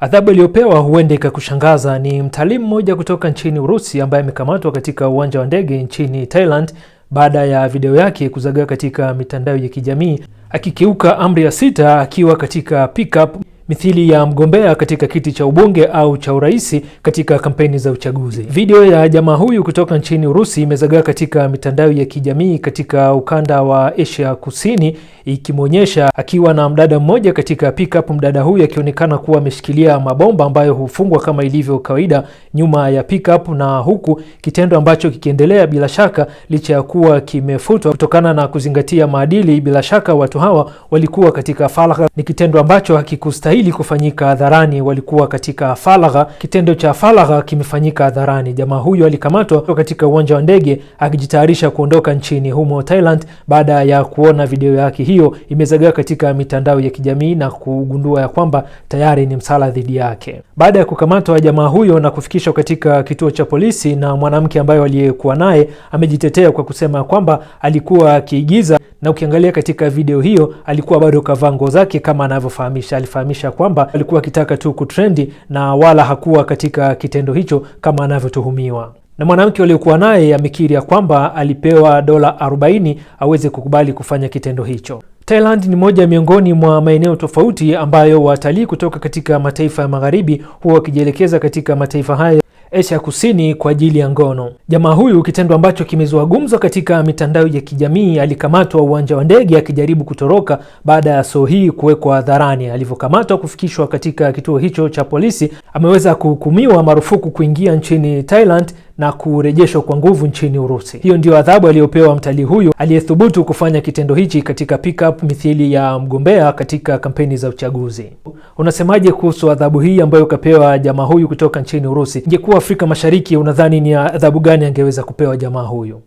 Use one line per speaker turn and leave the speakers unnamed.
Adhabu iliyopewa huenda ikakushangaza. Ni mtalii mmoja kutoka nchini Urusi ambaye amekamatwa katika uwanja wa ndege nchini Thailand baada ya video yake kuzagaa katika mitandao ya kijamii akikiuka amri ya sita akiwa katika pickup mithili ya mgombea katika kiti cha ubunge au cha urais katika kampeni za uchaguzi. Video ya jamaa huyu kutoka nchini Urusi imezagaa katika mitandao ya kijamii katika ukanda wa Asia Kusini, ikimwonyesha akiwa na mdada mmoja katika pickup. Mdada huyu akionekana kuwa ameshikilia mabomba ambayo hufungwa kama ilivyo kawaida nyuma ya pickup, na huku kitendo ambacho kikiendelea bila shaka, licha ya kuwa kimefutwa kutokana na kuzingatia maadili. Bila shaka watu hawa walikuwa katika faragha, ni kitendo ambacho hakikustahili hili kufanyika hadharani walikuwa katika falagha. Kitendo cha falagha kimefanyika hadharani. Jamaa huyo alikamatwa katika uwanja wa ndege akijitayarisha kuondoka nchini humo Thailand, baada ya kuona video yake hiyo imezagaa katika mitandao ya kijamii na kugundua ya kwamba tayari ni msala dhidi yake. Baada ya kukamatwa jamaa huyo na kufikishwa katika kituo cha polisi, na mwanamke ambaye aliyekuwa naye amejitetea kwa kusema kwamba alikuwa akiigiza, na ukiangalia katika video hiyo alikuwa bado kavaa nguo zake kama anavyofahamisha alifahamisha kuonyesha kwamba alikuwa akitaka tu kutrendi na wala hakuwa katika kitendo hicho kama anavyotuhumiwa na mwanamke waliokuwa naye amekiri ya kwamba alipewa dola 40 aweze kukubali kufanya kitendo hicho. Thailand ni moja miongoni mwa maeneo tofauti ambayo watalii kutoka katika mataifa ya magharibi huwa wakijielekeza katika mataifa haya. Asia Kusini kwa ajili ya ngono. Jamaa huyu, kitendo ambacho kimezua gumzo katika mitandao ya kijamii, alikamatwa uwanja wa ndege akijaribu kutoroka baada ya soo hii kuwekwa hadharani. Alivyokamatwa kufikishwa katika kituo hicho cha polisi, ameweza kuhukumiwa marufuku kuingia nchini Thailand na kurejeshwa kwa nguvu nchini Urusi. Hiyo ndiyo adhabu aliyopewa mtalii huyo aliyethubutu kufanya kitendo hichi katika pickup mithili ya mgombea katika kampeni za uchaguzi. Unasemaje kuhusu adhabu hii ambayo kapewa jamaa huyu kutoka nchini Urusi? Ingekuwa Afrika Mashariki, unadhani ni adhabu gani angeweza kupewa jamaa huyu?